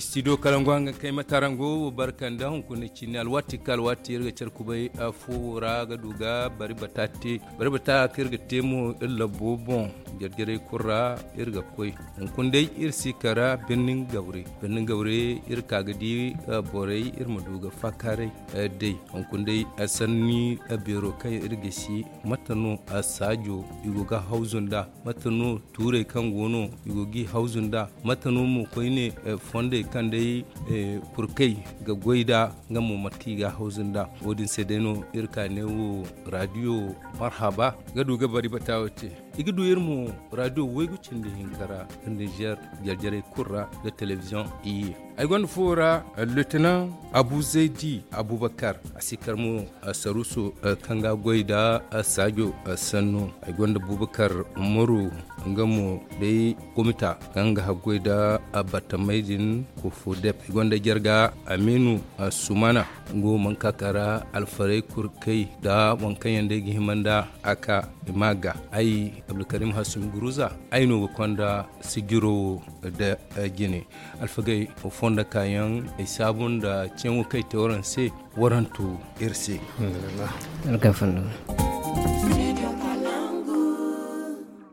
studio kalangwanga kai matarango barkan da hunkuna kini alwati kalwati irga charkubai afura ga duga bari batati bari bata kirga temu illa bobon gergere kurra irga koi hunkun dai irsi kara birnin gaure birnin gaure irka gadi borai irma duga fakare dai hunkun dai asanni biro kai irga shi matano asajo igoga hauzunda matano ture kan gono igogi hauzunda matano mu koi ne fonde kan dai eh, furkai ga goida ga mamati ga hausin da dai no irka ne wo radio marhaba ga duga bari ta wace iga duyar mu radio wai gucin da hinkara niger jarjarai kurra da talabijin iya aigon fora eh, lieutenant abu zaidi abubakar a sikar mu eh, saruso eh, kanga goida sajo sannu gwanda abubakar umaru ngamu dai kumita kanga hagoida batamaidin ko dep aigon gwanda jarga aminu sumana ngo mankakara alfarai kurkai da wankan yanda gihimanda aka imaga ai abdulkarim hasum guruza aino kwanda sigiro da gine alfagai wanda kayan sabon da cin kai ta wurin sai warantu irse.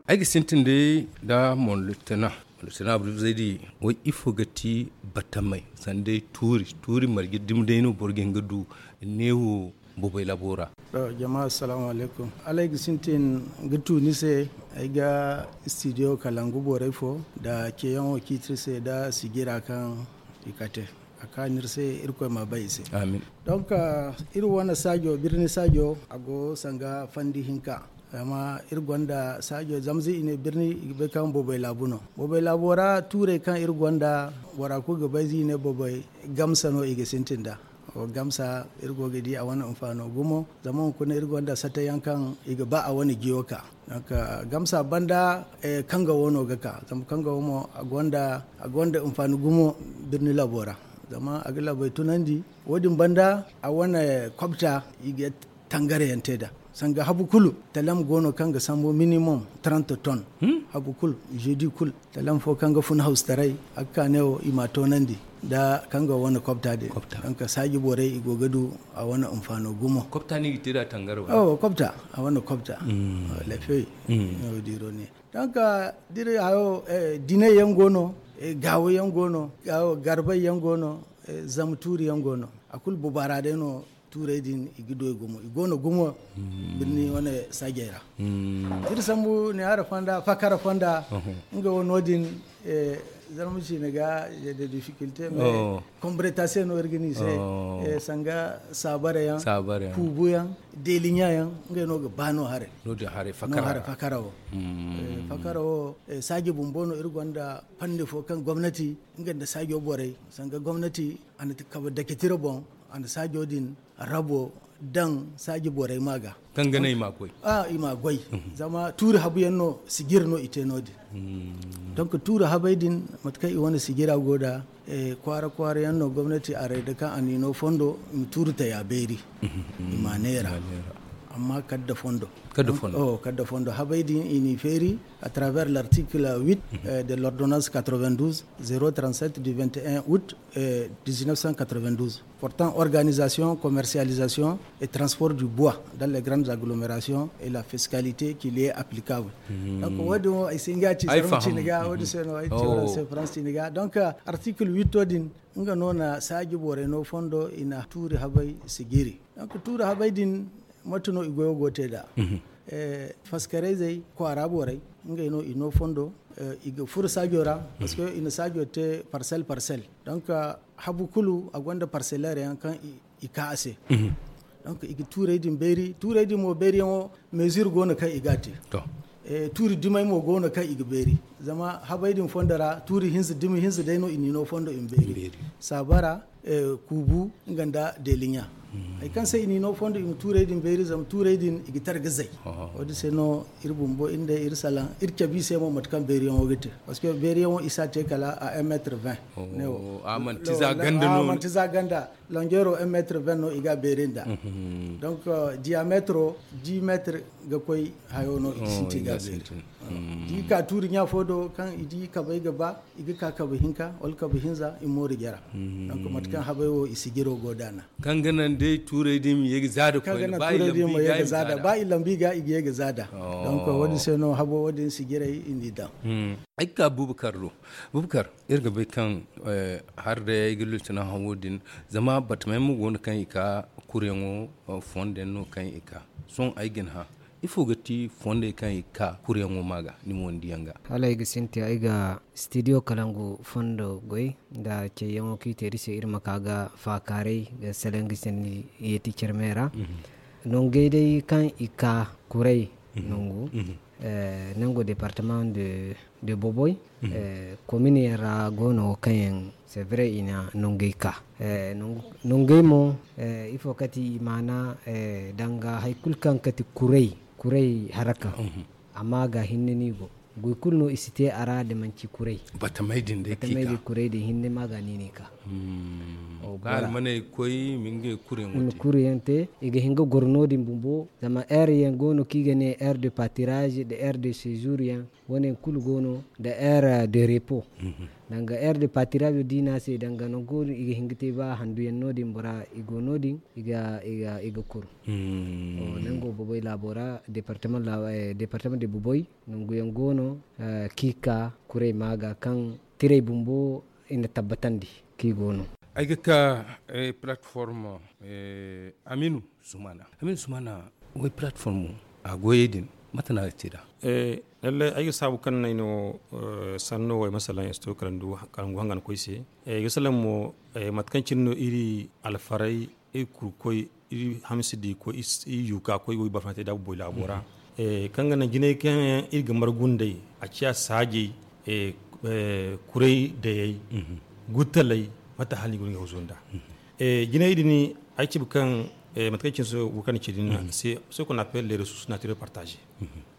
aiki sintin da da mon lieutenant lieutenant zai di wai ifo gati batamai sande turi turi margi dimdaino borgen gadu newo bubai labora to oh, jama'a salamu alaikum alaiki sintin gitu nise ga studio kalangu borefo da ke yawon wakitirse da sigira kan i ka te a ka nirse irko ba bai amin donc ir wona sadio birni sadio ago sanga fandi hinka ama ir gonda sadio zamzi ine birni be kan bobay labuno bobay wara ture kan irgonda gonda wara ko gabazi ne bobay gamsano ige sintinda gamsa irgo gidi a wani umfano gumo zaman kuna irgo wanda sata yankan iga ba a wani giyoka ka gamsa banda e, kanga wono gaka zama kanga womo a agonda amfano gumo birni labora zama agila bai tunandi wadin banda a wani kwabta iga tangare yanteda sanga habu kulu talam gono kanga sambo minimum 30 ton hmm? habu kulu jeudi kul talam fo kanga fun house tarai akka neo imato nandi da kanga wani kopta de kanka sagi bore igo a wani amfano kwabta ne ita tira tangarwa oh kwabta a wani kwabta mm. lefe no mm. diro ne danka dire hayo eh, dine yan gono eh, gawo yan gono garba yan gono eh, zamturi yan gono akul bubara da yano turai din igido e gumo igono gumo mm. birni wani sagera dir sambu ne ara fanda fakara fanda wani wonodin zarmu ga da difficulté mais oh. combretasen organisé oh. eh, sanga sabare yan sabare yan kubu yan delinya yan ngai no bano hare no da hare fakara no hare fakara wo mm. eh, fakara wo eh, sage bumbono ir gonda pande fo kan gwamnati ngai da sage bore sanga gwamnati anata kaba daketira bon an sage odin rabo dan sagi borai maga kangana ima a ima mhm. zama tura habu yanno sigir no ite nodi mm. donc tura habaidin matuka i wani sigira goda e kwara kwara yanno gwamnati a rai kan anino fondo im ta ya beri mhm. imanera amma kadda fondo Cadofondo. Oh, Cadofondo. ini feri à travers l'article 8 mhm. euh, de l'ordonnance 92 037 du 21 août 1992 euh, portant organisation, commercialisation et transport du bois dans les grandes agglomérations et la fiscalité qui lui est applicable. Mhm. Donc, Sénégal. donc euh, article 8 din nga nona donc tout habay matuno igoyo goteda mm -hmm. eh, faskare zai ko araborai nga ino ino fondo eh, iga furu sajora mm parce que ina sajo te parcel parcel donc habu kulu agwanda parcelaire yan kan ika ase mm -hmm. donc igi ture din beri ture din mo beri mo mesure gona kan igati to eh, turi dimai mo gona kan iga beri zama din fondara turi hinsu dimi hinsu daino ino fondo in beri sabara eh, kubu nganda delinya Hmm. i kan say ini no fond im tuure din beiris am tuure din igitar gazai wadi se no ir bumbo inda ir salan ir kabi se mo matkan kan beirion ogete parce que isa te kala a 1m20 ne aman tiza ganda no aman tiza ganda longero 1m20 no iga beirinda hmm, hmm, donc euh, diametro 10 ga hayo no oh, di ka turi nya fodo kan idi ka bai gaba igi ka ka bihinka ol ka bihinza imori gera donc mat habayo isigiro godana kan ganan dai turai dai mu yega zada ko ba turai dai mi yega zada ba ilambi ga igi yega zada oh. don ko wani sai no habo wadin su gira indi da hmm. aika bubukar ro bubukar irga bai kan eh, har da yega lutuna din zama batmai mu gon kan ika kurengo eh, fonden no kan ika son aigin ha ifo gati fonde kan i ka kuriyango maga ni ndiyanga hala iga studio kalangu fondo goy da ce terise irma kaga fa ga selengi sen yeti cermera mm non kan ka kurei mhm. nongu mhm. eh, nango département de de boboy mm -hmm. commune yara gono kayen c'est vrai ina nongei ka eh, mo eh, kati imana eh, danga haikul kan kati kurei kurai haraka mhm. amma ga hinne ni go goy kulno isite ara da manci kurai bata maidin da yake ka kurai da hinne magani ne ka hmm. o gar mane min minge kure muti kure yante iga hinga gorno din bumbo zama air yan gono kiga ne de patirage de air de séjour yan wonen kul gono da air de repos mhm. daga erde patiraɓe dinase danga no goɗum iga hingiti ba handu en nodi bora igo nodi iga iga iga kur hmm. o nango boboy labora departement la eh, departement de boboy nonguyen uh, kika kure maga kan tire bumbo ina tabatandi ki gono ayga ka eh, eh, aminu sumana aminu sumana woy platform a matana ce da eh lalle ayu sabu kan nay no eh, sanno wai masalan esto kan du kan wangan koy se eh yusalam mo eh, matkan cinno iri alfarai e kurkoy iri hamsidi ko i yuka koy bafan bafate da boy labora mhm. eh kan gana gine kan iri gamar gundai a ciya saje eh, kurai da mhm. yayi gutalai mata hali gurin gauzunda mhm. eh gine idini aici kan Eh, matake kin so wukan kidin na c'est mhm. ce qu'on appelle les ressources naturelles partagées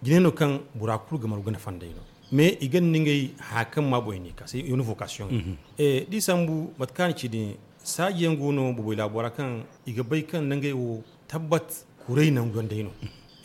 ginen mhm. kan burakul gamar gana fanda yino mais igan ningay hakan ma boyni ka c'est une vocation mhm. et eh, disambu matkan kidin sa yengono boboy la borakan iga bay kan nangay wo tabbat kurai nan gonda yino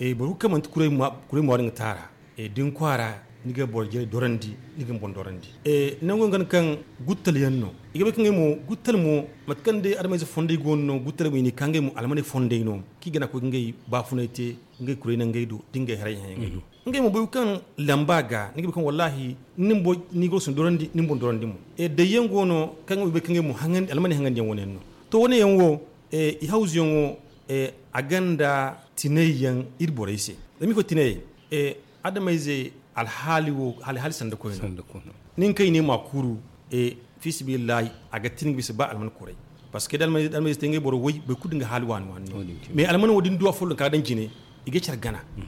e eh, baru kaman kurai ma kurai ma wadin tara e din kwara nige bor jere dorandi nige bon dorandi e nango ngan kan guttal yanno igabe kan mo guttal mo matkande adama ze fonde gonno guttal mo ni kange mo almane fonde no ki gana ko ngai ba funete ngai kurena ngai do dinga haray hay mm-hmm. ngai do ngai mo boyu kan lambaga nige kan wallahi nimbo ni go sun dorandi nimbo dorandi mo e de yengono kan be kan mo hangan almane hangan yan wonenno to woni yan wo e i hawzi yan wo e aganda tinayan irborese dami ko tinayi e adama ze alhali wo hali sanda ko sanda ko nin kai ne makuru e fisbillahi aga tin bisa ba alman kure. parce que dalma dalma ngi boro way be kudinga hali wani wani mais alman wodin duwa fulu ka dan jine ige gana. Mhm.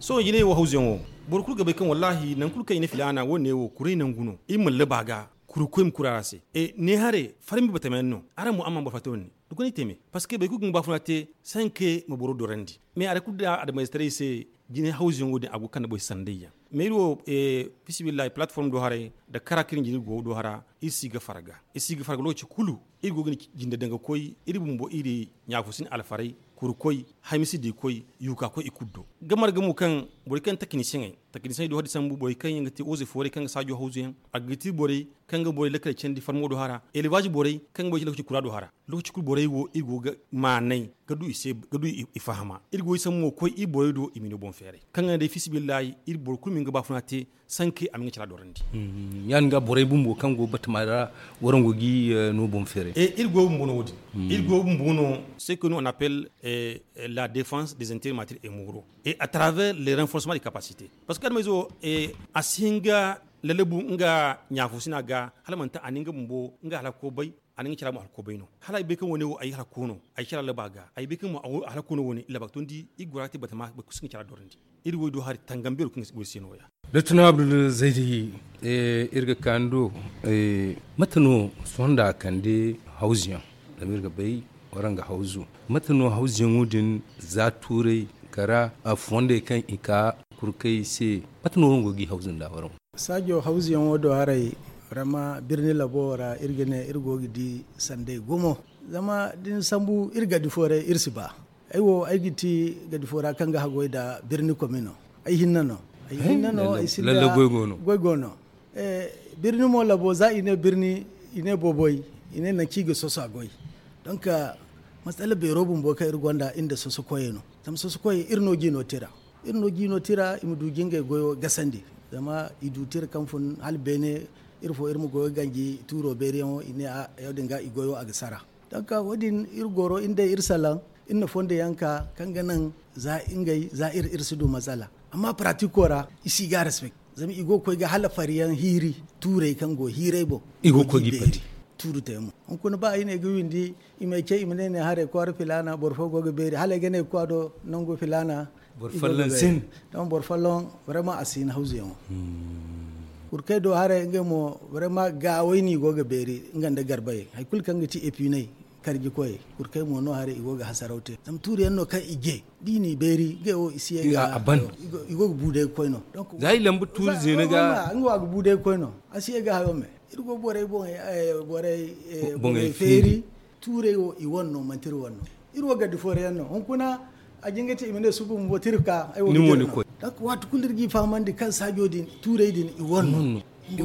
so yine wa hausen wo boro kulga be kan wallahi nan kulka ina filana wo ne wo kure nan guno imal labaga kurukuim kurase e ne hare farmi batamenno ara mu amma bafatoni dukuni teme parce que be kugin bafuna te sanke maboro dorandi mais ara kudda administrer c'est jine hausin wodi agu kan boy sandayya meri wo e eh, bisimillahi plateforme do hare da karakirin jini go do hara isiga farga isiga farga lokaci kulu iri gini jinde danga koy iri bumbo iri nyafusin alfarai kurkoi hamisi de koy yuka ko ikuddo gamar gamu kan bori kan technicien technicien do hadi sambu bori kan yangati oze fori kan sajo hauzen agriti bori kan ga bori lakal cendi farmo do hara elevage bori kan bori ci kura do hara ci kul bori wo igo ga manai gadu ise gadu ifahama irgo isamu ko i bori do imino bon fere kan ga defisi billahi ir bor kul min ga ba funate sanke amin ga cira do randi hmm, yan ga bori bumbo kan go batmara woran go gi eh, no bon fere e eh, irgo mbono wodi irgo mbono c'est que nous on appelle eh, la défense des intérêts matériels et moraux et à travers les renforcements renforcement des capacités parce que mai zo e eh, asinga lalabu nga nyafu sina ga halamanta aninga mbo nga halako bai aninga kira mu halako bai no hala be kan woni ayi halako ayi ay kira laba ga ay be kan mu halako no woni laba tondi igurati batama ba kusin kira dorindi iri wo do har tangambel kun sino ya lieutenant abdul zaidi e irga kando e matano sonda kande hausian da mirga bai waranga hausu. matano hausian wudin za turai kara a fonde kan ika kurkai se patnoron gogi hausin da waron sajo hausiyan wado harai rama birni labowara irgene irgogi di sande gomo zama din sambu irga di fore irsi ba aiwo aigiti ga di fora ga hagoi da birni komino ai hinnano ai hinnano ai silla lalle goigono goigono eh birni mo labo za ine birni ine boboi ine na kiga sosa goi donc masala bai robin bo iri gwanda inda soso no tam soso koye irno gino tira irno gino tira imu du ginge goyo gasandi zama idu tira kan fun hal bene irfo irmu goyo gangi turo beriyon ine a ga igoyo agsara danka wadin irgoro inda irsalan inna fonda yanka kanga nan za ingai za ir irsidu matsala amma pratikora isi ga respect zama igo koy ga hala fariyan hiri turai kango hirai bo igo koy gi pati turu te mu on kuna ba ine gu windi ime ke imene ne ne hare kwar filana bor fo gogo beri hale gene kwado nongo filana bor fallon sin don bor fallon vraiment asin hauze mu hmm. urkai do hare nge mo vraiment ga wayni gogo beri ngande garbaye hay kul kanga ti epinai kargi karji pour kay mo no hare igoga hasarawte tam turi yanno kan ige dini beri ge o isi ya ga aban igoga bude koyno donc zai lambu turi zene ga ngwa ga bude no asiye ga hayome irgo borey bonge eh, borey eh, borey feri ture o i wonno mantir wonno irwo gaddi fore yanno on kuna a jingati imene subu mbo tirka ay woni ko dak wat kulirgi famande kan sajo din ture din i wonno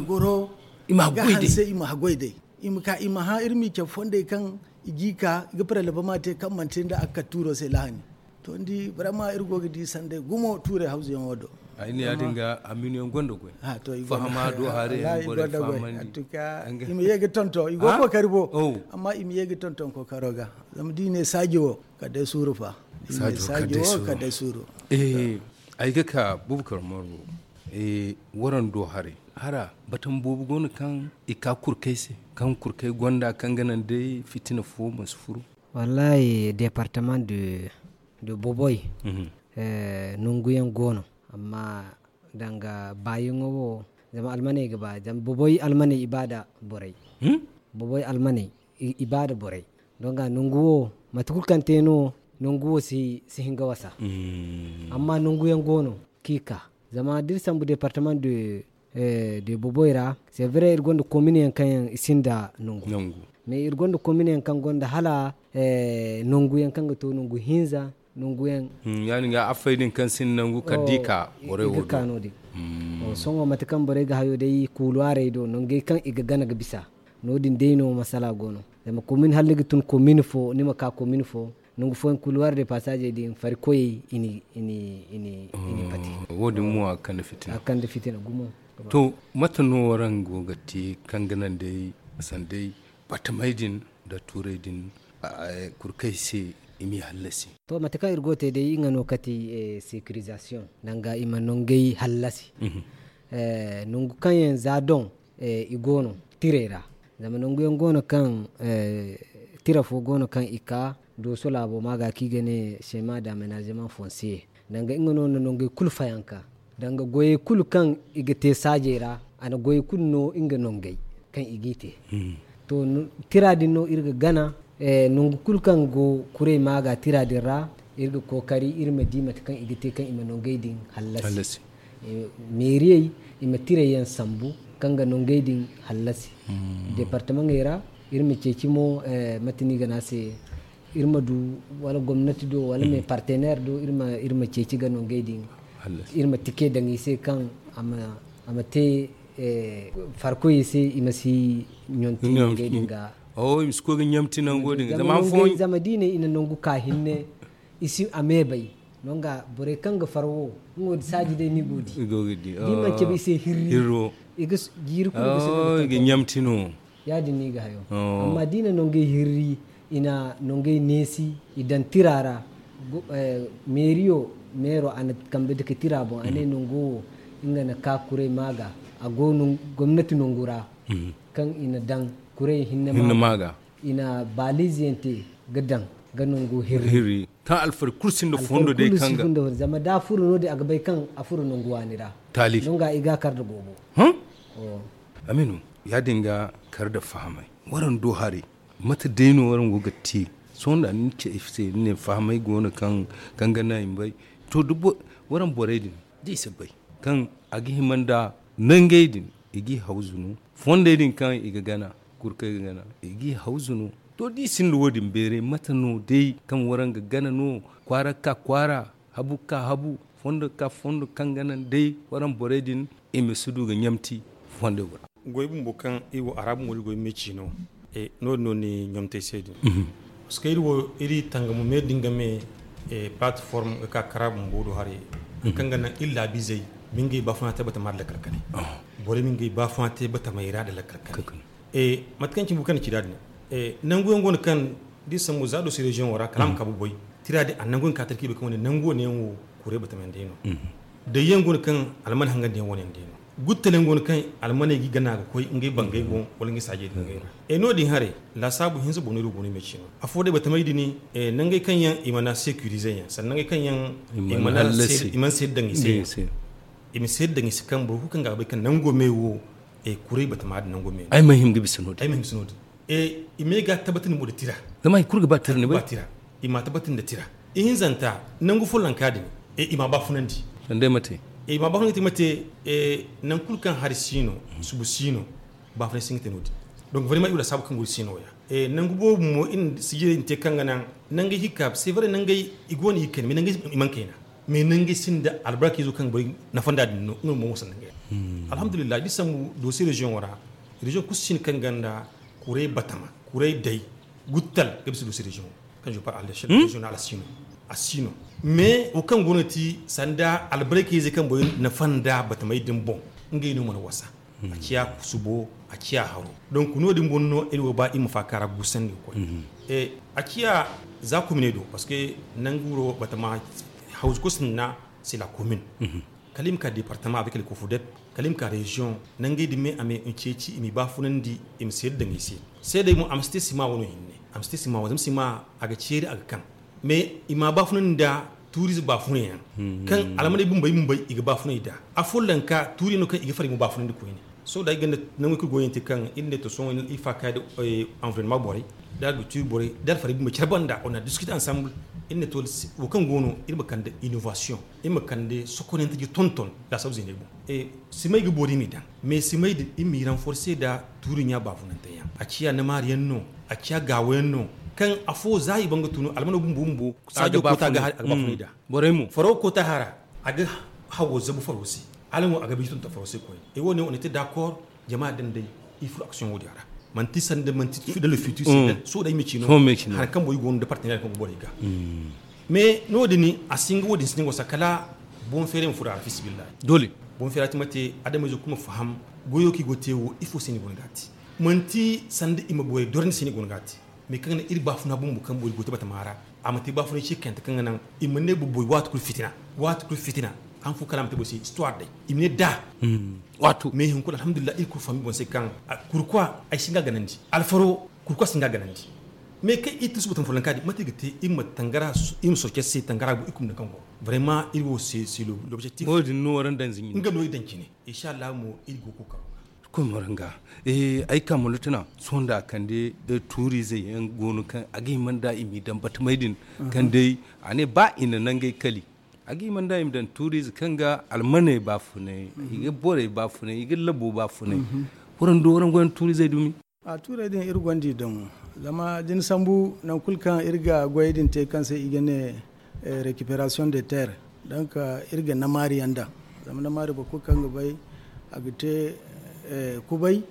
goro ima goyde se ima goyde ima ka ima ha irmi ke fonde kan igika gipra laba mate kan mantinda aka turo sai lahani to ndi vraiment irgo gidi sande gumo ture hausa yan wado ayini yadinga aminion gondo gwe fahama do hare gore famani atuka imi yegi tonto igo ko karibo oh. amma imi yegi tonton ko karoga zam dine sajiwo kada suru fa dine sajiwo kada suru eh ai ga ka bubkar moro eh waran do hare hara batan bubu kan ika kurkai se kan kurkai gonda kan ganan dai fitina fo masu furu wallahi département de de boboy mm -hmm. eh nunguyen gono amma danga wo zama almane gaba jam boboi almane ibada borai hmm? boboy almane ibada boray donga nunguwo matukul kanteno wo si si hinga wasa hmm. amma nungu nunguyen gono kika zama sambu departement de eh, de boboyra c'est vrai gondo commune yan kan isinda nungu, nungu. mais gondo commune yan kan gonda hala eh, nungu yan kan to nungu hinza nunguyen mm, yani ga afaidin kan sin nangu kadika bore oh, wo kano de mm. o oh, songo matakan bore ga hayo dai kulware do nungai kan iga gana ga bisa nodin dai no masala gono ma komin halliga tun komin fo ma ka komin fo nungu fo kulware de passage din fari koyi ini ini ini mm. ini hmm, pati wodi mu akan fitina akan fitina gumo to matano waran gogati kan ganan dai san dai batamaidin da turai din kurkai sai imi hallasi to mata ka irgo te de ingano kati e, sécurisation nanga ima nongei hallasi mhm. e, kan kanyen zadon e, igono tirera zama nungu gono kan tira fo gono kan ika doso labo maga kigene schema d'aménagement foncier nanga ingano nonge kulfayanka danga goye kul kan igite sajera ana goye kul no inga nongei kan igite mhm. to tira dinno irga gana Eh, nungu kulkan go kure ma tira dira irga kokari irma dimata tikan igite kan ima nongaidin hallasi eh, meriye ima yan sambu kanga nongaidin hallasi hmm. departement era mo cecimo eh, matini gana se irma du wala gomnati do wala me hmm. partenaire do irma irma ceci ga Halasi. irma tike dangi se kan ama ama te farko yese ima si nyonti nongaidin ga oh im skogin yamti nan zama zaman fon zama dine ina nongu ka hinne isi amebai nonga bore kanga farwo ngod saji de ni godi godi oh man ke bi se ah, hirro igus gir ko bi se o ge nyamti no yadi ni ga hayo oh. amma dine nonge hirri ina nonge nesi idan tirara eh, merio mero ana kambe de tirabo ane mm. nongo inga na kakure maga a gomnati gwamnati nongura mm. kan ina dan kure hinne maga ina balizente gadan ganon go hirri hirri ta alfar kursin da fondo de kanga fondo zama da furu no de agbai kan a furu no guwanira tali ga iga kar da gobo hm aminu ya dinga kar da fahimai. waran do hare mata deno waran go gatti son da ce ifse ne go gona kan kanga na in bai to dubo waran boredin di sabai kan agihimanda himanda nan gaidin igi hauzunu fondo din kan iga gana kurkai gana igi hauzunu to di sin do wodin bere mata no dai kan waran ga gana no kwara ka kwara habu ka habu fondo ka fondo kan gana dai waran boredin e me sudu ga nyamti fondo wura goy bumbo kan e wo arabu wol mechi no e no no ni nyamte sedu mhm. parce que wo iri tanga mu me dinga me e platform e ka karabu do hari mhm. kan gana illa bizai mingi bafana tabata mar la kalkani ah. bore mingi ba tabata mayra da la kalkani e matkan kin bukan kidad ne e nanguyen gon kan di mu zado si region wara kalam mm-hmm. kabu boy tirade anangun katar kibe kan nango ne wo kure batamen deno mm-hmm. da yen gon kan alman hanga de wonen deno guttelen gon kan almane gi gana ko ngi bangay gon mm-hmm. wala ngi saje ngi e no din hare la sabu hinsu bonu ru bonu mechino afode bata mai dini e nangay kan yan imana securiser yan san nangay kan yan imana imana sedangi sedangi imana sedangi se kan bu hukan ga bai kan nango wo. e kurai bata ma adnan gome ai mahim gibi sunod ai mahim sunod e eh, ime ga tabatin mu da tira da mai kurga ba tira ne ba tira i ma tabatin da tira in zanta nan gufo fullan kadi e eh, i ma ba di dan dai mate e ma ba ti mate e nan kulkan subu sino ba funan singte nodi donc vraiment iwla sabu kan guri sino ya e nan gubo mu mo in sigirin te kanga nan nan ga hikap c'est vrai nan ga igoni ken mi nan ga iman kaina mais nangi sinda albarki zo kan bari na fanda da nuna mu mo sanan hmm. alhamdulillah bisan dosi region wara region kusin kan ganda kurai batama kurai dai guttal gabsu dosi region kan je parle à l'échelle hmm? régionale à Sino a Sino mais o kan gonati sanda albarki zai kan bari na fanda batama din bon ngai no mana wasa hmm. a ciya kusubo a ciya haro don kuno din bonno ilwa ba imu fakara gusan ne ko eh a ciya za ku mine do parce que nan guro batama hauskosin na la commune. kalim ka département avec le cofodet kalim ka région. nangi di me ame un uncheci imi bafunan di im sed dangi se sai dai mu amste sima wono hinne amste sima wazam sima aga chiri aga kan me ima bafunan da tourisme bafunan yan hmm. kan alama de bumbay bumbai iga bafunan da afollan ka turi no kan iga fari mu bafunan di ko ne so da ganda nangi ko goyenti kan inde to son ifa ka eh, environnement bori da gutu bore da fari mu charban da ona discuter ensemble il ne tol wo kan gono il kande innovation il kande da sokonin ta tonton da sabzi ne bu e simai gi bori mi dan mais simai da imi renforcé da turinya ba funan ta yan a ciya na mariyan no a ciya gawayen no kan afo zai banga tunu almano bumbu bumbu sajo kota ga ba almafunida mm, bore mu faro kota hara aga hawo zabu farosi alamu aga bitun ta farosi koy e woni on était d'accord jama'a dan dai il faut action wodi ara man manti sande man dans le futur mm. so da imici no har kan boy gondo partenaire ko boy ga mais no dini asingo wodin singo sakala bon fere mfura arfis billah dole bon ti mate adama zo kuma faham goyo ki gotewo ifo sini gongati manti sande ima boy dorni sini gongati mais kan ir bafuna bumbu kan boy gote bata mara amati bafuna shi kan kan nan imane bu boy wat kul fitina wat kul fitina hanfu kalam te bosi histoire de imne da wato me hin kula alhamdulillah il ku hmm. fami bon se kan kurkwa ay singa ganandi alfaro kurkwa singa ganandi me ke itu subutan fulan kadi mati gite imma tangara im ke se tangara bu ikum da kango vraiment il wo se c'est l'objectif mo din no ran dan zin nga no dan kine insha Allah mo il go kuka ranga eh ai kamulu tana sonda kan de eh, turi zai eh, yan gonu kan agi man da imi dan batmaidin ah. kan dai ane ba ina nan gai kali agi man da imdan turiz kanga almane fune mhm. ige bore fune ige labo fune woran mhm. do woran gwan turiz zai dumi a turai din ir gwandi da mu zama jin sambu na kulkan irga gwaidin te kan sai ne e, recuperation de terre donc irga na mari yanda zama mari ba kulkan ga agite e, kubai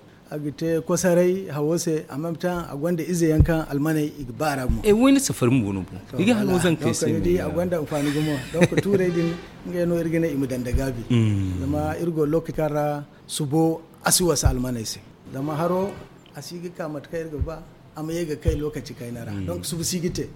gite kwasarai hawose a gwanda ize yankan almana igbara mu e eh, wani safar mu wani bu iga hanu zan kai sai a gwanda ufani gumo don ku ture din ngai no irgina imu dandagabi hmm. zama irgo lokikara subo asiwasa sa almana ise zama haro a sigi k'a kai irga ba a amma yega kai lokaci kai nara hmm. don su sigite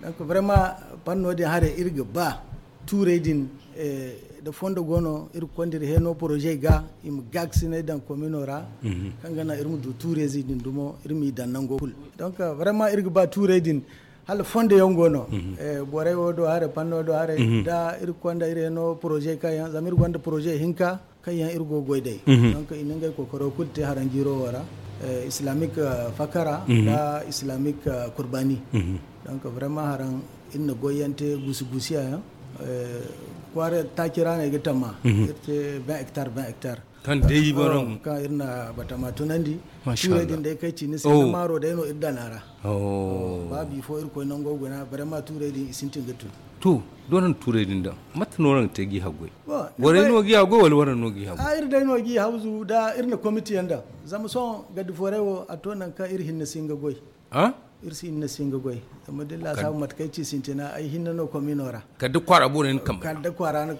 don ku vraiment panno de hare irgo ba ture din eh, da fondo gono ir kwandir heno projet ga im gaksine dan communora mm -hmm. kangana irmu du ture din dumo irmi dan nango kul donc euh, vraiment irgu ba ture din hal fondo yongono mm -hmm. eh, bore wodo hare panno do hare mhm. da ir kwanda ir heno projet ka yan zamir gwanda projet hinka kan yan irgo goidai mm -hmm. donc inenga kokoro kulte harangiro wara eh, islamic euh, fakara mhm. da islamic euh, kurbani mhm. donc vraiment haran inna goyante gusi gusi kware ta kira ne gita ma mhm. ce ben hectare ben hectare kan dai baron kan irna bata ma tunandi shure din da kai ci ni sai oh. maro da yano idda nara oh, oh bi fo irko nan na bare ma ture din isintin gitu to donan ture din da mata noran ta gi hagoi wore no gi hagoi wal waran no gi hagoi ayir dai no gi hauzu da irna committee yanda zamu son gadi forewo a tonan ka irhin na singa goi irsi na singa goy amma dilla sabu matkai ci sintina ai hinna no kominora duk kwara ne kam kadda kwara na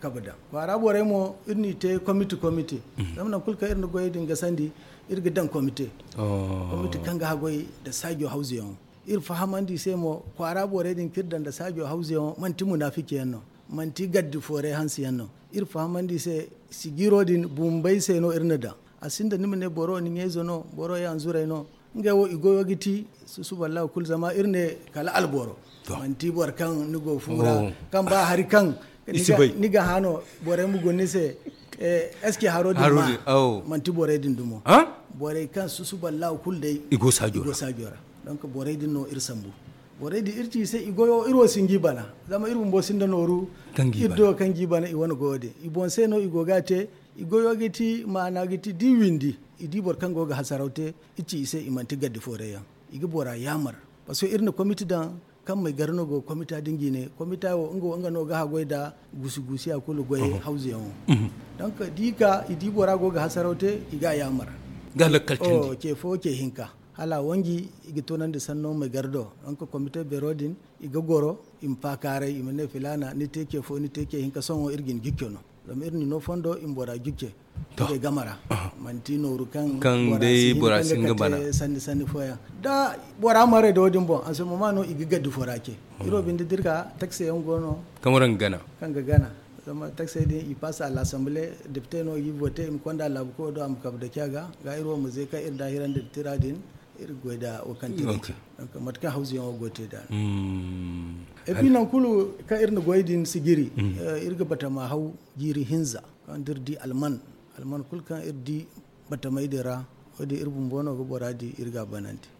kabada kwara bore mo irni te committee committee mm. zamna kulka irni goy dinga sandi irga dan committee oh committee kanga ha goy da sagio house yon ir fahamandi se mo kwara bore din kirdan da sagio house yon manti munafiki yanno manti gaddi fore hansi yanno ir fahamandi se sigiro din bumbai sai no irna da asinda nimne boro ni ngezo no boro ya anzura no nga wo igoyo giti susu balla kul zama irne kala alboro manti bor kan nigo fura oh. kan ba hari kan niga hano bore mu gonni se est eh, ce haro di ma manti bore din dumo bore kan susu balla kul dai igo sajora igo sajora donc bore din no irsambu bore di irti se igoyo iro singi bana zama irum bo sinda noru iddo kan bana i wona gode ibon se no igogate igoyo giti mana giti di windi idi bor kan goga hasaraute ichi ise imanti gaddi foreya igi bora yamar paso irna komiti dan kan mai garno go komita dingi ne komita wo ngo nga no ga hagoi da gusi gusi a kulu goye hauze yon mhm. dan ka dika idi bora goga ga hasaraute iga yamar galakal tindi o oh, ke fo ke hinka hala wangi igi tonan da sanno mai gardo an ka komite berodin iga goro impakare imene filana ni teke fo ni teke hinka sonwo irgin gikyono ɗum irni no fondo in bora jukke toɓe gamara ah. mantinoru kan kan dey bora singa bana sanni sanni foya da bora mare da din bon an ce mano no igi gaddi forake hmm. iro bindi dirka taxe yan gono kamaran gana kan ga gana zama taxe din i passe à l'assemblée député no yi voter mi konda la ko do am kabda kyaga ga iro mu zai ka irda hiran da tiradin iri gweda wakantiri okay. donc matka hausiyan wagote da mm. ebi na nan kulu ka irni gwaidin sigiri mm. uh, irga bata ma hau giri hinza kan dirdi alman alman kul kan irdi bata mai dira wadi irbun bono ga di irga bananti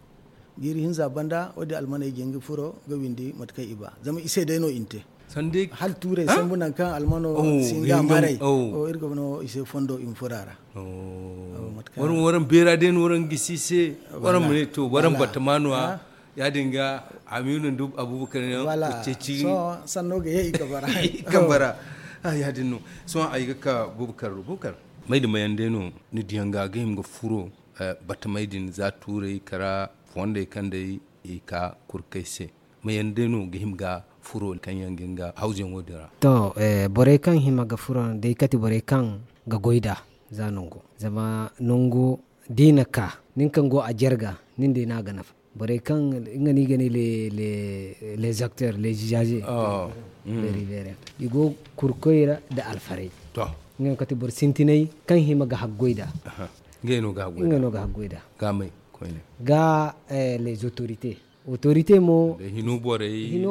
giri hinza banda wadi alman ay gengi furo ga windi matka iba zama ise dai no inte sande hal ture sembunan kan almano oh, singa marai o oh. Oh, irgo no ise fondo in oh. waran warum bera den waran gisise warum mune to waran batamanwa ya dinga aminu duk abubakar ne kuceci so sanno ga yayi kabara kabara ya dinno so ayi ka bubakar bubakar mai da mayan denu ni diyanga game go ga furo eh, batmai din za ture kara fonda kan da yi ka kurkaise mayan deno ga him ga furo kan yangin ga hausin wodira to eh, bore kan hima ga furo da ikati bore kan ga goida za nungo zama nungo dina ka nin kan go a jerga nin da na gana bore kan ngani gani le le les acteurs les juges oh ah, mm. very very igo kurkoira da alfare to ngam kati bor sintinai kan hima ga haggoida ngeno ga haggoida ngeno ga haggoida ga mai koine ga eh, les autorités autorite mo da hino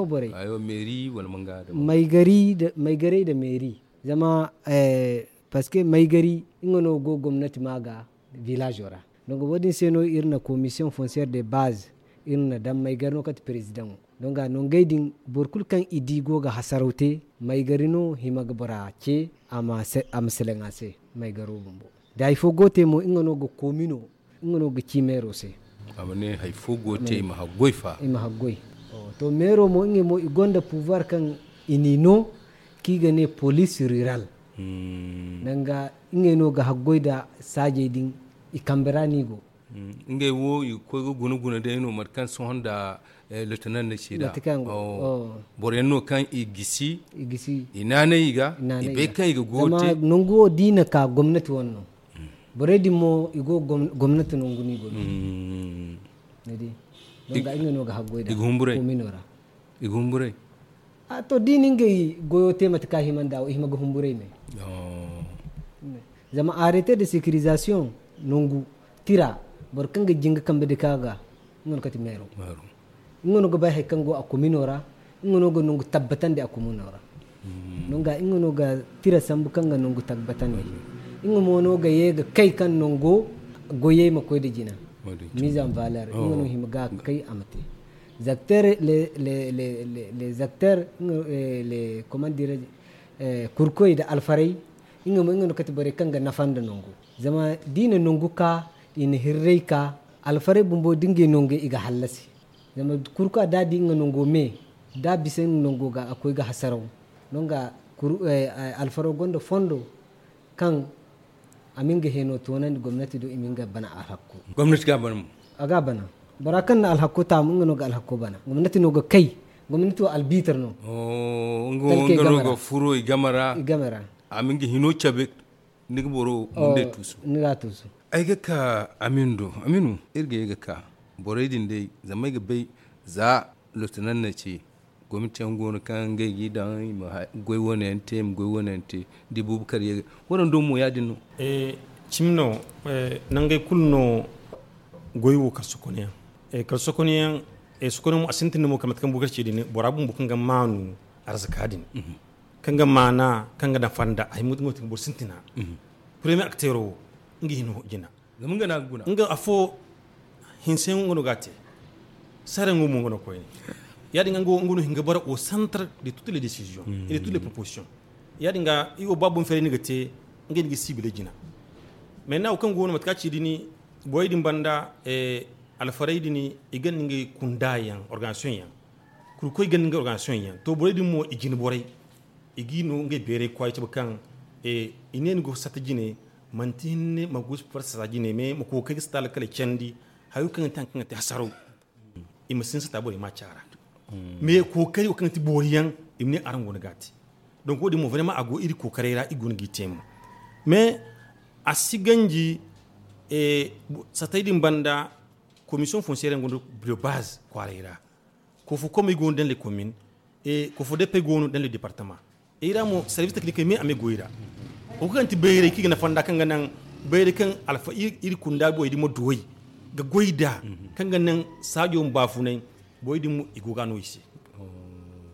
borai ayo meri wal manga da mai gari da mai da meri zama eh paske mai gari ingono go gwamnati maga village ora donc wadin seno irna commission foncière de base irna dan mai no kat president donc ga non gaidin burkul kan idi goga hasarote mai no himaga bara ce ama am selengase mai garo bumbo dai fo gote mo ingono go komino ingono go chimero se amane hay fo gote ima haggoy fa ima haggoy to mero mo nge mo igonda pouvoir kan inino ne police rural hmm. nanga nge no ga haggoy da saje din ikambiranigo hmm. nge wo ikoygo gunu guna de no mat kan son da eh, lieutenant ne shida bore no kan igisi igisi inane iga ibe kan iga gote zama nungo dina ka gwamnati wannan di mo igo gomnet nunggu nih go mm. nedi donga ingo no ga hagoida igumbure minora igumbure Atau ah, di ninggi goyo tema ka mandau ihima go humbure me oh. zama arete de sécurisation nunggu tira borkanga jinga kambe de kaga kati mero ngono go bahe aku akuminora ngono tabbatan de aku minora. Mm. nonga ingono ga tira sambu kanga nongu tabbatan mm inga mono ga yega ga kai kan nongo goye ma koy da jina mise en valeur oh. inga no himga kai amate le les les les les acteurs eh, les comment dire eh, kurkoy da alfarai inga mo inga no kati bare kan ga nafanda nongo zama dina nongo ka in hirrei ka alfarai bumbo dinge nongo iga halasi zama kurka dadi inga nongo me da bisen nongo ga akoy ga hasaro nonga eh, alfaro gondo fondo kan aminga heno tonan gwamnati do iminga bana al hakko gwamnati ga bana aga bana barakan na al hakko ta mun no ga al bana gwamnati no ga kai gwamnati wa albitar no oh ngo ngo ga furo i gamara i gamara aminga hino chabe niga boro munde tusu niga tusu ai ga ka amindo aminu irge ga ka boraidin dai zamai ga bai za lotunan na ce gomi ten gono kan ge gi dan mo goy wonen te mo goy wonen te di bubu kar yega wonan do mo yadi no e chimno e nange kulno goy wo kar sokoniya e kar sokoniya e sokoni mo asintin mo kamat kan bugar ce dine borabun Kan ga manu arzakadin mhm. kan ga mana kan ga da fanda ay mutum mutum bor sintina mhm. premier actero ngi hino jina zamun ga guna nga afo hinsen ngono gate sare ngumu ngono yaɗinga ngo ngono hinga bara au centre de toutes les décisions mm. et de toutes les propositions yaɗinga iwo babum fereniga te ngenigi sibile jina maintenant o kan gono matka cidini boyɗi banda e eh, alfaraydini i ganningi kunda yan organisation yan kurkoy ganningi organisation yan to boyɗi mo i jini boray igino nge bere kwai ciba kan e inen go sata jine mantinne magus par sata jine me mako kai stal kala kendi hayu kan tan kan ta hasaro imasin sata bore ma cara mais kokari o kanti boriyan imne aran gona gati donc wodi mo vraiment ago iri kokari ra igun gi tema mais asiganji e sataidi banda commission foncière ngondo de base kwarira ko fu comme igon den le commune e ko fu pe gonu den le département e ira mo service technique me ame goira o kanti beere ki gna fanda kan ganan beere kan alfa iri kunda boy di mo doyi ga goida mhm. kan ganan sajo mbafunai dimu i gogano isi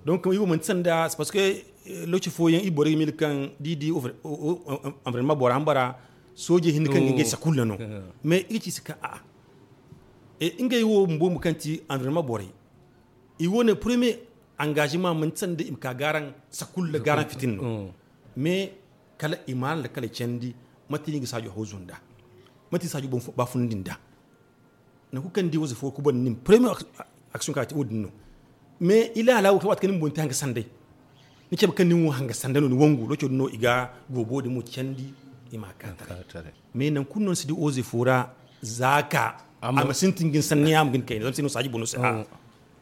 donc igo mun tsanda parce que ci eh, fo i bori mil kan didi vraiment bora ambara soje hin kan oh. ngi sakulla no mais i ci sika a ah. e ingay wo mbo mu kan kanti environnement bori i wone premier engagement mun tsanda im ka garan sakulla garan fitin no oh. mais kala iman la kala chendi matini gi sajo hozunda mati sajo bon ba fundinda na kan di wasu fo kuban nim premier action ka ti odinno me ila ala ko wat kanin bonta hanga sande ni ke kan wo hanga sande no wongu wongo lo no iga bo de mu candi ima kantare me nan kunnon sidi oze fura zaka amma tingin sanni am gin kai don sinu saji bonus a oh.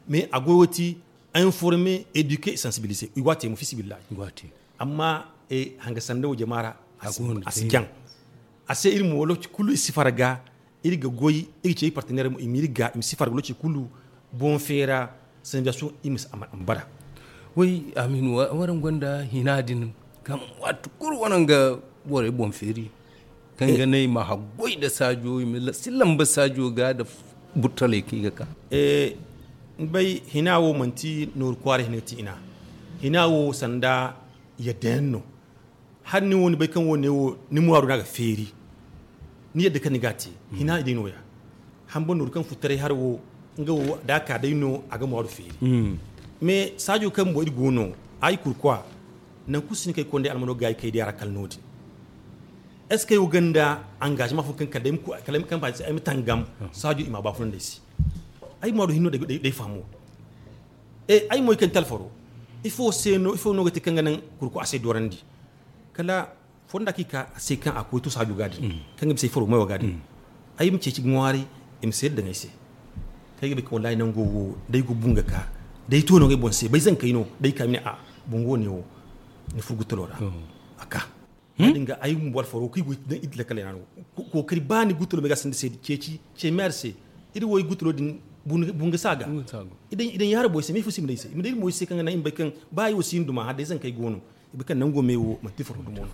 me agowati informer éduquer sensibiliser iwate mu fisibillah iwate amma e hanga sande wo jamara asikan ase ilmu wolo kulu sifarga iriga goyi irga partenaire mu imiriga im sifarga lo kulu bon fera sun da sun imis ambara wai aminu warin gwanda hinadin kan wata kurwanan ga ware bon feri kan gane eh. ma hagoi da sajo mi sillan ba sajo ga da butale ke ga ka eh bai hinawo manti nur kware ti ina hinawo sanda ya denno har ni woni bai kan woni wo ni muwaru na ga feri ni yadda kan gati hmm. hina idinoya hambo nur kan futare har wo nga wo da ka dai no aga mo ru firi mm. me sajo kan bo irgo no ai kurkwa nan kusin kai konde almano gai kai da rakal nodi est ce que uganda engagement fo kan kadem ko kalam kan ba ai tangam ah. sajo ima ba fulun dai ai mo ru hinno dai dai famo e ai mo kan talfaro il faut seno il faut no gati kan nan kurko ase dorandi kala fonda kika ase kan akoy to sajo gadi mm. kan gam sai foro wa gadi mm. ai mu ce ci ngwari im sai da ngai sai kai be kawai lai nan gogo dai go bunga ka dai to no ga bonse bai zan kai no dai ka mini a bungo ne wo ni a ka. Hmm. aka hmm? dinga ay mu bor foro ki dan idila kala yana ko kari bani gutulo be ga sai ke ci ce merci iri woy gutulo din bunga saga idan idan yar boy se mi fusim dai se mi dai moy se kan na imbe kan bayi wo sin duma hadai zan kai gono ibe kan nan go me wo dumo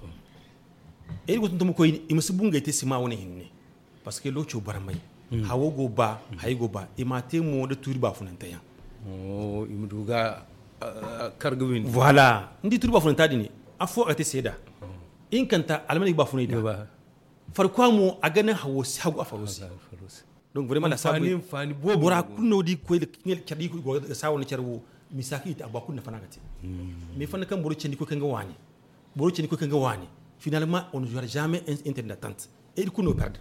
iri gutun to mu koy imusu bunga te sima woni hinne parce que locho baramai Mm. hawo goba mm. hayi goba imate mo de turi ba funanta ya oh imduga kargwin voilà ndi turi ba funanta dini fo ate seda oh. in kanta almani ba fune da farko mu a ganin hawo si A farosi donc vraiment la sabu fani e bo bora kuno di ko ngel kadi ko go sawo ne charwo misaki ta ba kuno fana gati mais mm. fana kan boro cendi ko kanga wani boro cendi ko kanga wani finalement on ne jouera jamais un intérêt d'attente et il kunno perdre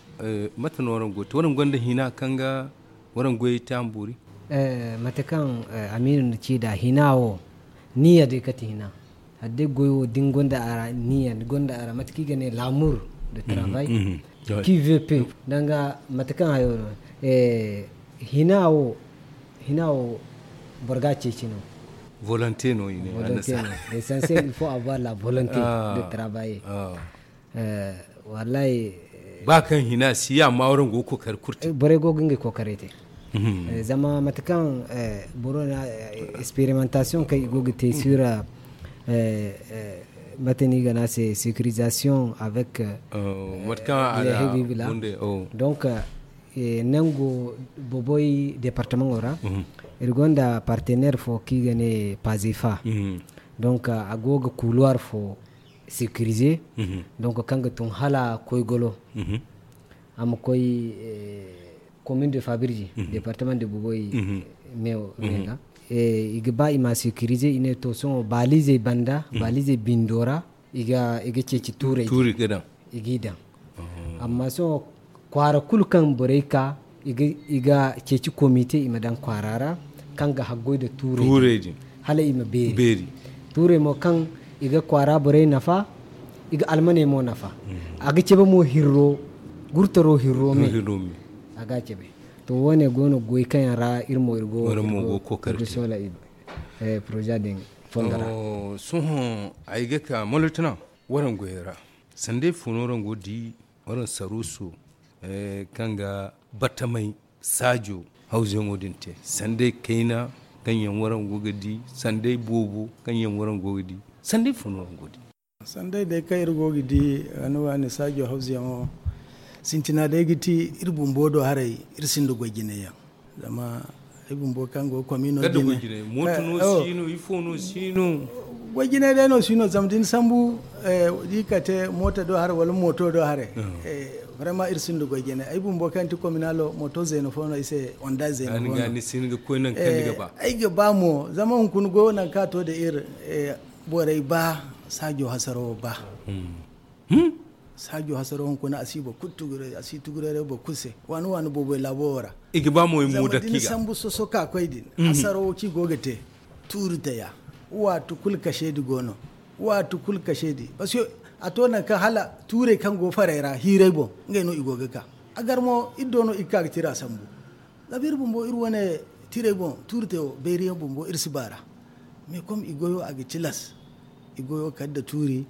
Eh, mata noran go to gwanda hina kan ga waran goyi ta eh mata kan eh, aminu ce da hina hinawo niyya dai kati hina hadde goyo din gonda ara niyya gonda ara matki gane lamur da mhm, travai mhm. ki vp peu ga mata kan hayo eh hina hinawo barga ce cino volonté no il volonté l'essentiel il faut avoir la volonté ah, de travailler ah. Eh, wallahi bakan hina siya maurin go ko karkurti eh, bore go gingi karete eh, zama matakan eh, boro na experimentation kai go gite sura matani gana se sécurisation avec oh, matakan ala oh. donc nengo boboy département ora irgonda mhm. partenaire fo kigane pazifa mhm. donc agoga couloir fo sécurisé mhm. donc kan ga tun hala koygolo mhm. am koy euh, commune de fabirji mhm. département de boboyi mewo euh, et iga ba ima sécurisé ine to son balise banda balise bindora iga iga ceci ture amma so kwara kulkan boreka iga iga ceci comité ima dan kwarara kan ga haggoy ture hala ima beri beri mo kan iga kwara bure nafa iga almane mo nafa aga cebe mo hirro gurtaro hirro me aga cebe to wone gono goy kan ra irmo irgo mo go ko karti la id e eh, projet ding fondara oh, suho aiga ka molitna waran goyera sande funoran godi waran sarusu e kanga batamai sajo hausen odinte sande kaina ganyen waran gogadi sande bobo ganyen waran gogadi sannde funoon ngodi sannde de ka irgogi di anuwa ni sagio hawsiyamo sintinade giti irbu mbodo haray irsindu gojjineya dama ibumbo kango komino gine motuno eh, oh. sino ifono sino gojjine de no sino zamdin sambu eh, dikate mota do har wala moto do hare hmm. eh, vraiment ir sindu gojjine ay bumbo kanti communalo moto zeno fono ise onda zeno fono ani sindu ko nan kan diga eh, ba ay ga ba mo zaman kun go nan ka to da ir eh, borai ba sajo hasaro ba hmm. Hmm? sajo hasaro hon kuna asibo kutugure asitugure bo kuse wanu wanu bobo labora igi ba moy muda kiga sambu soso ka din hmm. hasaro ki turu da ya watu kashe shedi gono watu kulka shedi basyo atona ka hala ture kan go farera hire bo ngai no igoga ka agar mo iddono ikka tira sambu labir mo irwane tire bon turte o beiriyan bumbo irsibara me kom igoyo aga tilas, igoyo kadda turi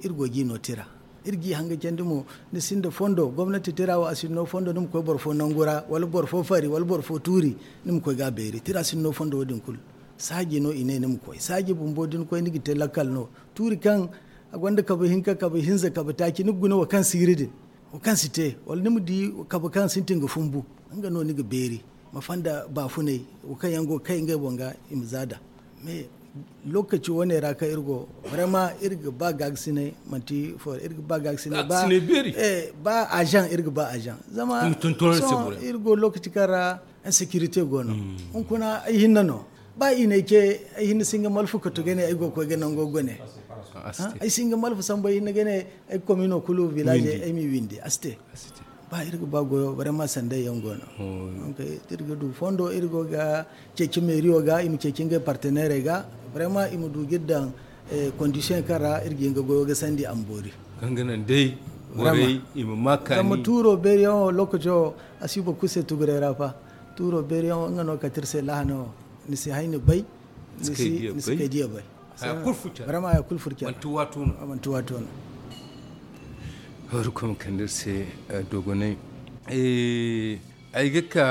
irgogi no tira irgi hanga kendi mo ni sinda fondo gwamnati Tira wa asinno fondo nim koy borfo nangura wal borfo fari wal borfo turi nim koy ga beri tira sinno fondo wadin kul saji no ine nim koy saji bumbodin koy nigi lakal no turi kan agwanda kabu hinka kabu hinza kabu taki ni guna wakan wa wakan site wal nim di kabu kan sintinga fumbu hanga no nigi beri mafanda bafunai wakan yango kai ngai bonga imzada me lokaci wani raka irgo vraiment irga ba gagsine mati for irga ba gagsine ba eh ba agent irga ba agent zama son irgo lokaci kara insécurité gono mm. on kuna hinna no ba ina ke hinna singa malfu ko to gene ay go ko gene ngo gone ai singa malfu sambo hinna gene ay komino kulu village ay mi windi aste, aste. ba irgo ba go vraiment sande yangono donc irgo du fondo irgo ga ceki mairie ga imu ceki ga partenaire ga vraiment imu du giddan eh, condition kara irgi ga goyo ga sandi ambori kanganan dai wurai imu makani kama turo beriyon lokaco asibo kuse tugurera fa turo beriyon ngano katirse lahano nisi haini bai nisi kai diya bai a kulfurta vraiment ya kulfurta mantuwa tono mantuwa tono horkom kandir se eh, dogonai eh ai gaka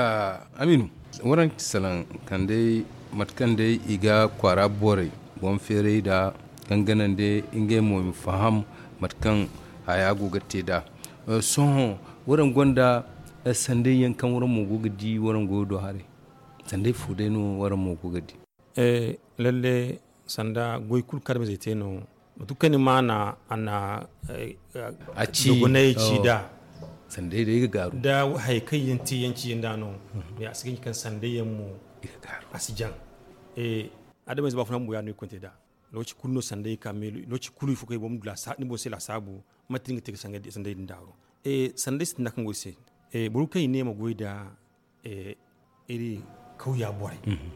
aminu waran salan kan dai matkan dai iga kwara bore bon fere da ganganan dai inge mo faham matkan haya gogate da eh, son waran gwanda eh, sandai yankan waran mu di waran do hare sandai fude no waran mu di. eh lalle sanda goykul karbe zai no dukkanin ma na ana eh, a ci dogonai ci oh. da sandai da ya garu da haikayyan tiyanci yin dano mai a cikin kan sandayen mu a sijan eh adamai zaba funan buya ne kunte da loci kulno sandai ka me loci kulu fuka yi bomu dula sa ni sai la sabu matin ga tege sandai sandai din daro eh sandai sun nakan gose eh burukai ne ma goida eh iri kauya bore mhm.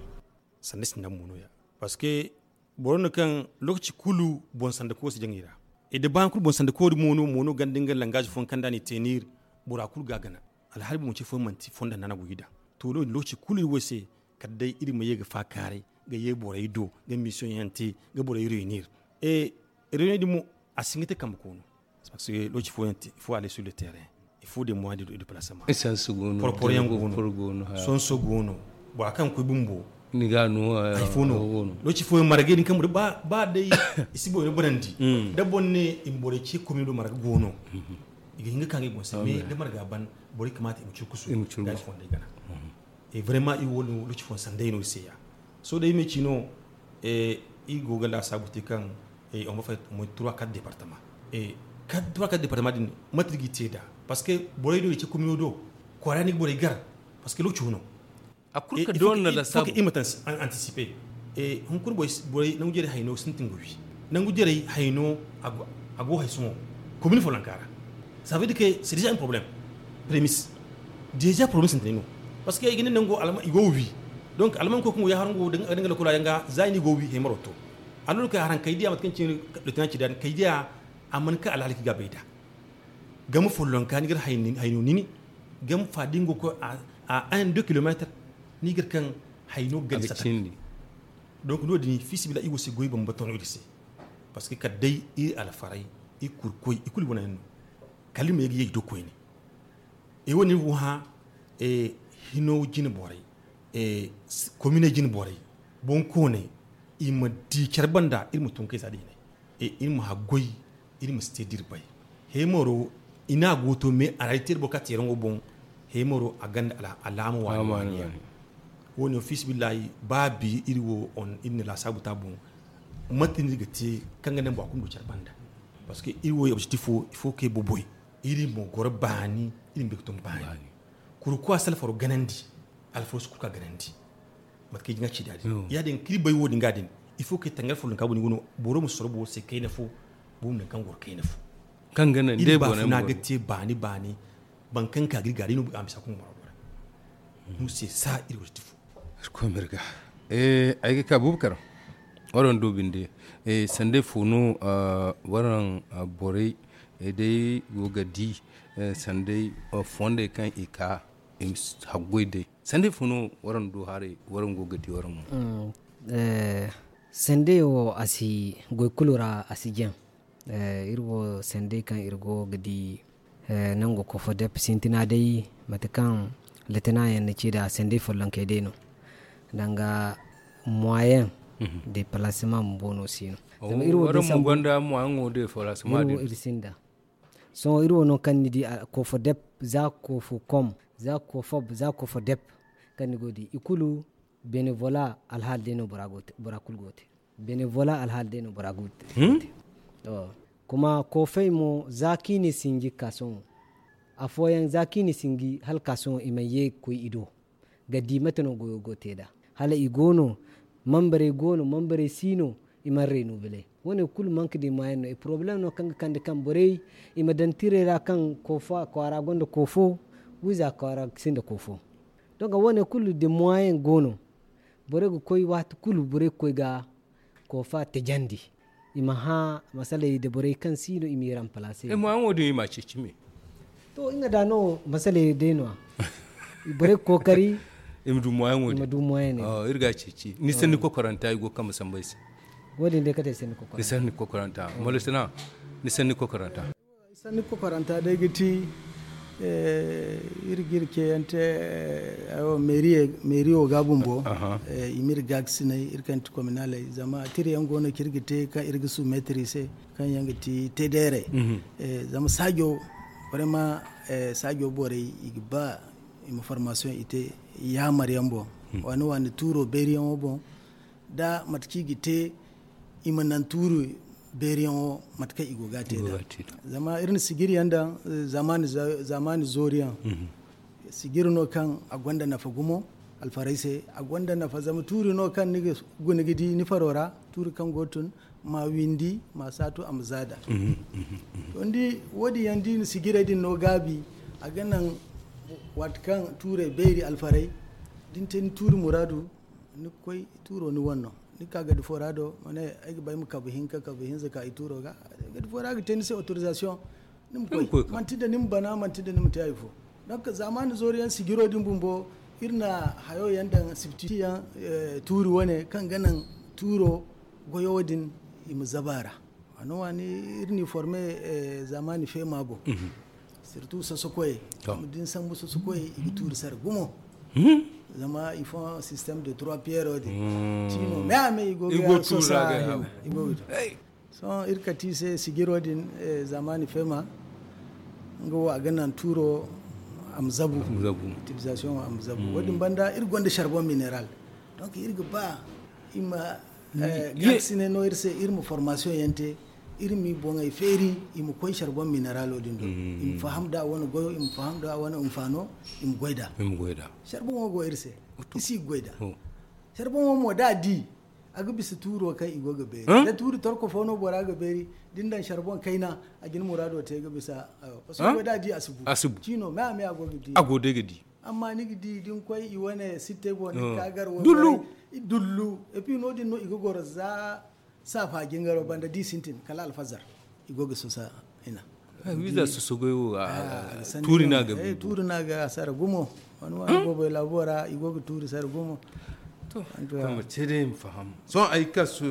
sandai sun nan muno ya parce borno kan lokaci kulu bon sanda ko sijan ira e de ban kulu bon sanda ko mono mono gandinga langage fon kanda ni tenir bura kul ga gana al harbi mu ce fon manti da nana guida to lo lokaci kulu wose kadda iri mu yega fa kare ga ye borai do ga mission yanti ga borai reunir e reunir di mu asingite kam kono parce que lokaci fo yanti fo aller sur le terrain il faut des moyens de déplacement et ça sugono pour pour yango gono son sugono bo akan ko bimbo ni gano eh, ifono eh, loci foyo marage ni kamur ba ba dai isibo mm. ne bonandi dabon ne imbore ke komi do marage gono mm-hmm. iga hinga kangi gonse me da marga ban bori kamata im chukusu im chukusu ga fonde gana e vraiment i wolu loci fon sande no ya. so dai me chino e i gogala sabuti kan e on va faire mo 3 4 départements e 4 3 4 départements din matrigi teda parce que bori do ke komi do korani bori gar parce que loci hono a kurka don na da sabu foka imatans an anticipe e hunkur boy boy nangu jere hayno sintin gobi nangu jere hayno ago ago haysumo commune lankara. ça veut dire que c'est déjà un problème prémisse déjà problème sintin no parce que igini nan go alma igo wi donc alama ko kun ya harango dan ga kula yanga zaini go wi hemaroto anul ka haran kaydiya matkan cin le ci dan kaydiya amman ka alhalki gabaida gamu folonka ni gar hayni hayno nini gam fadingo ko a 1 2 km niger kan hayno gani donc no dini fisibila i se goy bamba tono irse parce que kadai i ala farai i kurkoy i kuli wona kalima yegi yegi ni e woni ha e hino jin bore e commune jin bore bon kone ma di kerbanda ilmu tunkai sadi ne e ilmu hagoy ilmu stedir bay moro ina goto me arayter bokati yaron bon moro aganda ala alamu wa woni office billahi babi irwo on inni la sabu matin tabon matini gati kangane ba kundu banda parce que irwo objectif il faut que boboy iri mo gor bani iri mbektum bani kuru ko asal foro ganandi al foro sukuka ganandi matke jinga dadi ya den kri bay wo wodi ngadin il faut que tangal fo nkabu boni wono boro mo sorbo se kayna fo bum ne kangor kayna fo kanga kangana de bona na de ti bani bani bankan ka gari no am sa kun mo mu se sa irwo objectif mirga eh ayi ka bubkar waran dubinde eh, ah, ah, eh, eh, e ah, sande funu waran bore e dai goga di sande fonde kan ika hagoide sande funu waran do hare waran goga di waran mm, sande wo asi goykulura asi jen irgo sande kan irgo gadi nango kofo dep sintina dai matakan litina yanna ce da sande follon kai dai no danga moyen mhm. de placement bon aussi. zama iri wadi so iri wono kanni di ah, ko fo dep za ko fo kom za ko fo za ko fo dep kanni godi ikulu benevola alhal de no buragote burakul gote benevola alhal de no buragote to hmm? oh, kuma ko fei mo za kini singi kason a foyan za kini singi hal kason imaye ko ido gadi matano goyo gote da hala i gono mambare gono mambare sino iman no bele wone kul manke de moyen no e probléme no kanga kande kam borey ima dantirera kan ara gondo ko kofo wiza kwara sinda kofo donc wone kul de moyen gono bore go koy wat kul bore ko ga kofa te jandi ima ha masale de bore kan sino imi ran place e moyen wodi ima cicimi to inga dano masale de no bore kokari imdu moyen wodi imdu moyen ne oh irga ceci ni sanni ko koranta go kam sambai se wodi de kata sanni ko koranta ni sanni ko koranta mala mm. sana ni sanni ko koranta sanni ko koranta de giti eh, irgir ke yante eh, awo mairie mairie o gabumbo eh, imir gagsine irkanti communale zama tiri yango no kirgite ka irgisu maîtrise kan yangiti tedere mhm. zama sajo vraiment sajo bore igba ima formation ite yamariyan bon hmm. wani wani turo beriyan wo bon da matki gite imanan turo beriyan wo matka igoga te da zama irin sigiri yanda eh, zamani zamani zoriyan hmm. sigiri no kan agwanda na fagumo alfaraise agwanda na fazama turi no kan niga gunigidi ni farora turi kan gotun ma windi ma satu amzada hmm, ndi wodi yandi sigira din no gabi a wat kan ture beeri alfarai, din ten turi muradu ni koy turo ni wonno ni ka gadi forado mane ay bay mu kabu hinka kabu hinza ka ituro ga gadi forago ten se autorisation ni koy man tida nim bana man tida nim tayfo donc zamanu zoriyan sigiro din bumbo irna hayo yanda sibti yan eh, turi wane kan ganan turo goyodin imu zabara ano wani irni forme eh, zamani fe mago mhm. surtout Sosokwe. D'une sambo Sosokwe, il tourne sur gumo Zama, i font un système de trois pierres. Tino, hmm. mais ame, il go gare Sosa. Il go gare. Son irkati se sigiro din eh, zamani fema. Ngo wa ganan turo amzabu. Amzabu. Utilisation amzabu. Wadin hmm. banda irgonde charbon minéral Donc irga ba ima gaksine no irse irmo formation yente. irmi bonga feri im koy charbon mineralo din do mm. im da wani goyo im fahamda wona um fano im goyda im goyda charbon o go irse si goyda oh. charbon o mo da di aga bisa turo kai igo ga beri da turu torko fono bora ga beri dindan charbon kaina a gin murado te ga bisa so goyda di asubu asubu kino ma me ago ga di ago de ga di amma nigi di din koy i wona sitte go ni oh. kagar wo dullu dullu e pi no din no igo gor za sa fagin garo banda disintin kala alfazar igoga sun sa ina wizar eh, su su goyo a ah, turi na ga eh turi na ga sar gumo wani wani hmm? gobe labora igoga turi sar gumo to kuma ce dai mu faham son aika su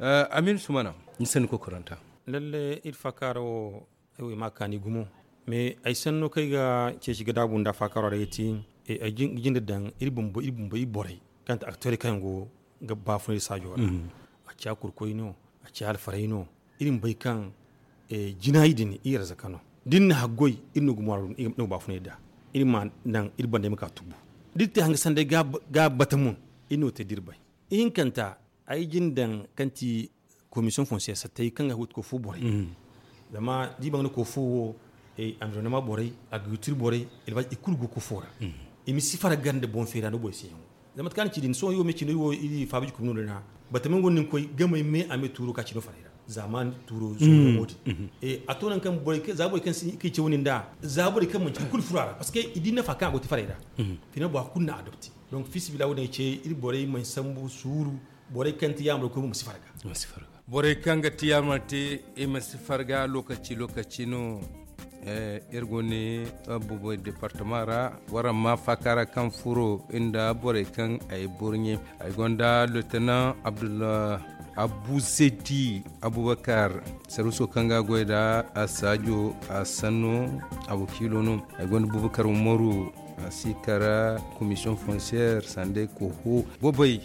eh, amin su mana nisan ko kuranta lalle irfa karo ewe eh, ni gumo me ai sanno kai ga ke shiga dabun da fakaro da yati e ajin da dan irbun bo irbun bo ibore kanta aktori kan go ga bafun sajo ca kurkoyno a ca alfarayno irin bai kan e, jinayi din i zakano din na hagoy irin no gumaro no ba fune da irin ma nan irin da maka tubu ditte hanga sande ga ga batamun ino te dirbay in kanta ay jindan kanti commission foncière sa tay kanga hut ko fubore bore dama mm. di bang ko fu wo e environnement bore agriculture bore il va ikur go ko fora e mm. mi sifara gande bon fera no boy zama kan ci din so yo wa ci no ili fabi ku no na batamin gonnin gama yi mai ame turo ka ci no farira zaman turo so no modi mm-hmm. e eh, atonan kan boy ke zabo kan sun ke ci wonin da zabo kan mun cikin furara parce que idin na fakan goti farira mm-hmm. fina ba kunna adopti donc fisi bila wani ce iri boray mai sambu suru boray kan ta yamro ko mu sifarga mu sifarga kan ga ti yamate e eh, mu farga lokaci lokaci no E, irgoni bubo departement ra wara ma fakara kan furo inda bore kan ay burnye ay gonda lieutenant abdullah abu seti abubakar saruso kanga goyda a sadio a sanno abokilonu ay gonda abubakar umaru asi kara commission foncière sande koho bobai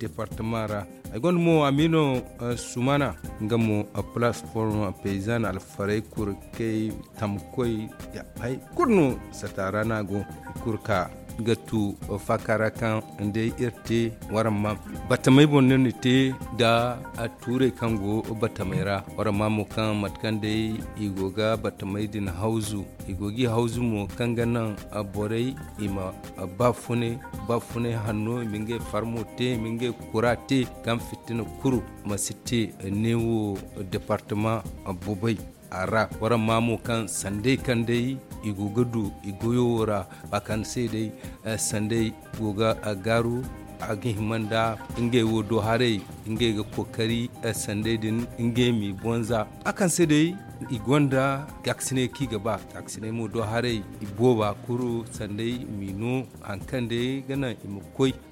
département ra ay gon mo amino euh, sumana ngamo a plateforme paysanne alfaray kur kay tam koy ya ay kurno satara go kurka ga tu fakara kan nde irte waramma batamai bonne te da a ture kan go batamaira waramma mo kan matkan de igoga batamai din hauzu igogi hauzu mu kan ganan a ima bafune bafune hanno minge farmo te minge kura te kan fitina kuru masiti newo departement bobai a ara waran mamu kan sande kan dai igoyo iguyora bakan sai dai eh, sande goga garu agin himanda inge wo do hare inge ga kokari eh, sande din inge mi bonza akan sai dai igonda gaksine ki gaba gaksine mu do hare iboba kuru sandai mino hankan da ganan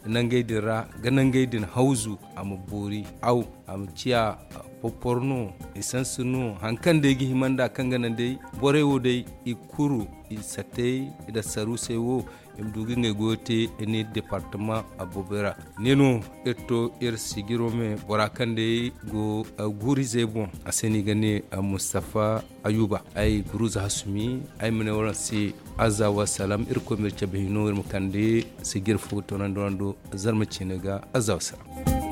nangay dira gana ngay din hauzu amu buri au amu ciya poporno essence hankan hankande gi himanda kan ganan dai borewo dai ikuru isatai da saru sai wo nge goti eni departement abobera nino eto ir er sigirome borakande go gurize bon aseni gani mustafa ayuba ay guruza hasumi ay mene wala si aza wa salam ir er ko mir chabino ir er mukande sigir fu to nan do zarma wa salam